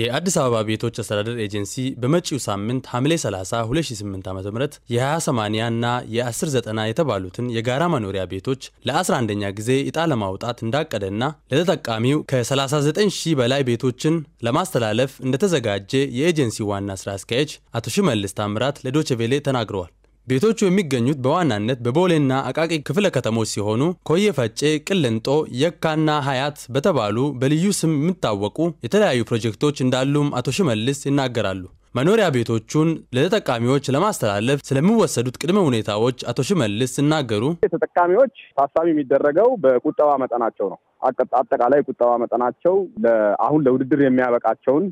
የአዲስ አበባ ቤቶች አስተዳደር ኤጀንሲ በመጪው ሳምንት ሐምሌ 30 2008 ዓ.ም የ20/80 እና የ10/90 የተባሉትን የጋራ መኖሪያ ቤቶች ለ11ኛ ጊዜ ዕጣ ለማውጣት እንዳቀደና ለተጠቃሚው ከ39 ሺህ በላይ ቤቶችን ለማስተላለፍ እንደተዘጋጀ የኤጀንሲ ዋና ስራ አስኪያጅ አቶ ሽመልስ ታምራት ለዶችቬሌ ተናግረዋል። ቤቶቹ የሚገኙት በዋናነት በቦሌና አቃቂ ክፍለ ከተሞች ሲሆኑ ኮየ ፈጬ፣ ቅልንጦ፣ የካና ሀያት በተባሉ በልዩ ስም የሚታወቁ የተለያዩ ፕሮጀክቶች እንዳሉም አቶ ሽመልስ ይናገራሉ። መኖሪያ ቤቶቹን ለተጠቃሚዎች ለማስተላለፍ ስለሚወሰዱት ቅድመ ሁኔታዎች አቶ ሽመልስ ሲናገሩ ተጠቃሚዎች ታሳቢ የሚደረገው በቁጠባ መጠናቸው ነው። አጠቃላይ ቁጠባ መጠናቸው አሁን ለውድድር የሚያበቃቸውን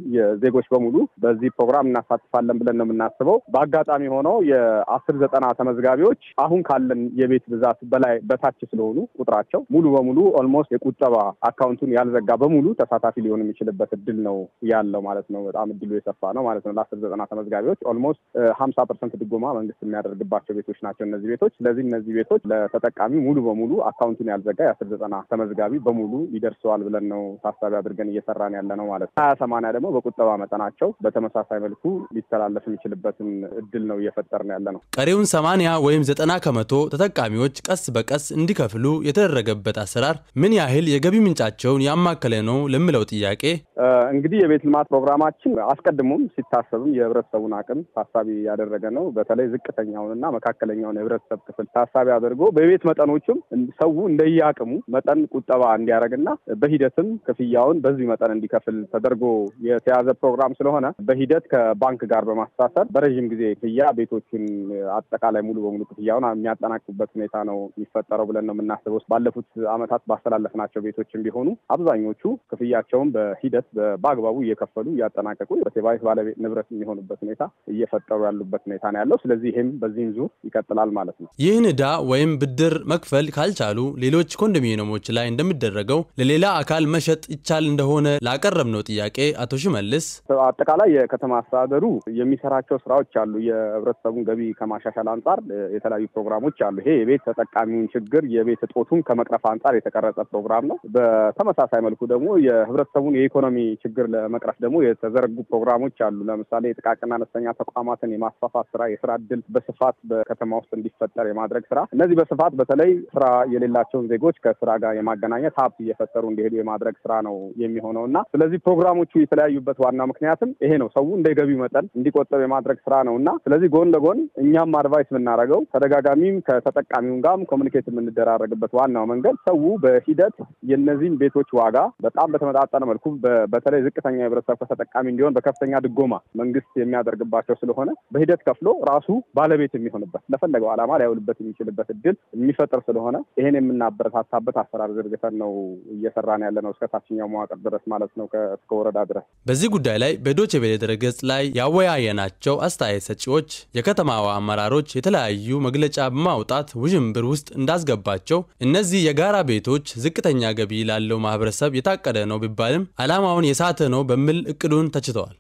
ዜጎች በሙሉ በዚህ ፕሮግራም እናሳትፋለን ብለን ነው የምናስበው። በአጋጣሚ ሆነው የአስር ዘጠና ተመዝጋቢዎች አሁን ካለን የቤት ብዛት በላይ በታች ስለሆኑ ቁጥራቸው ሙሉ በሙሉ ኦልሞስት የቁጠባ አካውንቱን ያልዘጋ በሙሉ ተሳታፊ ሊሆን የሚችልበት እድል ነው ያለው ማለት ነው። በጣም እድሉ የሰፋ ነው ማለት ነው። ለአስር ዘጠና ተመዝጋቢዎች ኦልሞስት ሀምሳ ፐርሰንት ድጎማ መንግስት የሚያደርግባቸው ቤቶች ናቸው እነዚህ ቤቶች። ስለዚህ እነዚህ ቤቶች ለተጠቃሚ ሙሉ በሙሉ አካውንቱን ያልዘጋ የአስር ዘጠና ተመዝጋቢ በሙሉ በሙሉ ይደርሰዋል ብለን ነው ታሳቢ አድርገን እየሰራን ያለ ነው ማለት ነው። ሀያ ሰማንያ ደግሞ በቁጠባ መጠናቸው በተመሳሳይ መልኩ ሊተላለፍ የሚችልበትን እድል ነው እየፈጠርን ያለ ነው። ቀሪውን ሰማንያ ወይም ዘጠና ከመቶ ተጠቃሚዎች ቀስ በቀስ እንዲከፍሉ የተደረገበት አሰራር ምን ያህል የገቢ ምንጫቸውን ያማከለ ነው ለምለው ጥያቄ እንግዲህ የቤት ልማት ፕሮግራማችን አስቀድሞም ሲታሰብም የህብረተሰቡን አቅም ታሳቢ ያደረገ ነው። በተለይ ዝቅተኛውንና መካከለኛውን የህብረተሰብ ክፍል ታሳቢ አድርጎ በቤት መጠኖችም ሰው እንደየአቅሙ መጠን ቁጠባ እንዲያደርግና በሂደትም ክፍያውን በዚህ መጠን እንዲከፍል ተደርጎ የተያዘ ፕሮግራም ስለሆነ በሂደት ከባንክ ጋር በማስተሳሰር በረዥም ጊዜ ክፍያ ቤቶችን አጠቃላይ ሙሉ በሙሉ ክፍያውን የሚያጠናቅቁበት ሁኔታ ነው የሚፈጠረው ብለን ነው የምናስበው። ባለፉት ዓመታት ባስተላለፍናቸው ቤቶችም ቢሆኑ አብዛኞቹ ክፍያቸውን በሂደት በአግባቡ እየከፈሉ እያጠናቀቁ በሴባዊት ባለቤት ንብረት የሚሆኑበት ሁኔታ እየፈጠሩ ያሉበት ሁኔታ ነው ያለው። ስለዚህ ይህም በዚህም ዙር ይቀጥላል ማለት ነው። ይህን ዕዳ ወይም ብድር መክፈል ካልቻሉ ሌሎች ኮንዶሚኒየሞች ላይ እንደሚደረግ የሚደረገው ለሌላ አካል መሸጥ ይቻል እንደሆነ ላቀረብነው ጥያቄ አቶ ሽመልስ አጠቃላይ የከተማ አስተዳደሩ የሚሰራቸው ስራዎች አሉ። የህብረተሰቡን ገቢ ከማሻሻል አንጻር የተለያዩ ፕሮግራሞች አሉ። ይሄ የቤት ተጠቃሚውን ችግር የቤት እጦቱን ከመቅረፍ አንጻር የተቀረጸ ፕሮግራም ነው። በተመሳሳይ መልኩ ደግሞ የህብረተሰቡን የኢኮኖሚ ችግር ለመቅረፍ ደግሞ የተዘረጉ ፕሮግራሞች አሉ። ለምሳሌ የጥቃቅንና አነስተኛ ተቋማትን የማስፋፋት ስራ፣ የስራ እድል በስፋት በከተማ ውስጥ እንዲፈጠር የማድረግ ስራ፣ እነዚህ በስፋት በተለይ ስራ የሌላቸውን ዜጎች ከስራ ጋር የማገናኘት ሀብ እየፈጠሩ እንዲሄዱ የማድረግ ስራ ነው የሚሆነው እና ስለዚህ ፕሮግራሞቹ የተለያዩበት ዋና ምክንያትም ይሄ ነው። ሰው እንደ ገቢው መጠን እንዲቆጠብ የማድረግ ስራ ነው እና ስለዚህ ጎን ለጎን እኛም አድቫይስ የምናደርገው ተደጋጋሚም ከተጠቃሚው ጋርም ኮሚኒኬት የምንደራረግበት ዋናው መንገድ ሰው በሂደት የእነዚህን ቤቶች ዋጋ በጣም በተመጣጠነ መልኩ በተለይ ዝቅተኛ የህብረተሰብ ከተጠቃሚ እንዲሆን በከፍተኛ ድጎማ መንግስት የሚያደርግባቸው ስለሆነ በሂደት ከፍሎ ራሱ ባለቤት የሚሆንበት ለፈለገው ዓላማ ሊያውልበት የሚችልበት እድል የሚፈጥር ስለሆነ ይሄን የምናበረታታበት አሰራር ዝርግተን ነው ነው እየሰራን ያለ ነው እስከ ታችኛው መዋቅር ድረስ ማለት ነው እስከ ወረዳ ድረስ። በዚህ ጉዳይ ላይ በዶቼ ቬለ ድረገጽ ላይ ያወያየናቸው አስተያየት ሰጪዎች የከተማዋ አመራሮች የተለያዩ መግለጫ በማውጣት ውዥንብር ውስጥ እንዳስገባቸው እነዚህ የጋራ ቤቶች ዝቅተኛ ገቢ ላለው ማህበረሰብ የታቀደ ነው ቢባልም ዓላማውን የሳተ ነው በሚል እቅዱን ተችተዋል።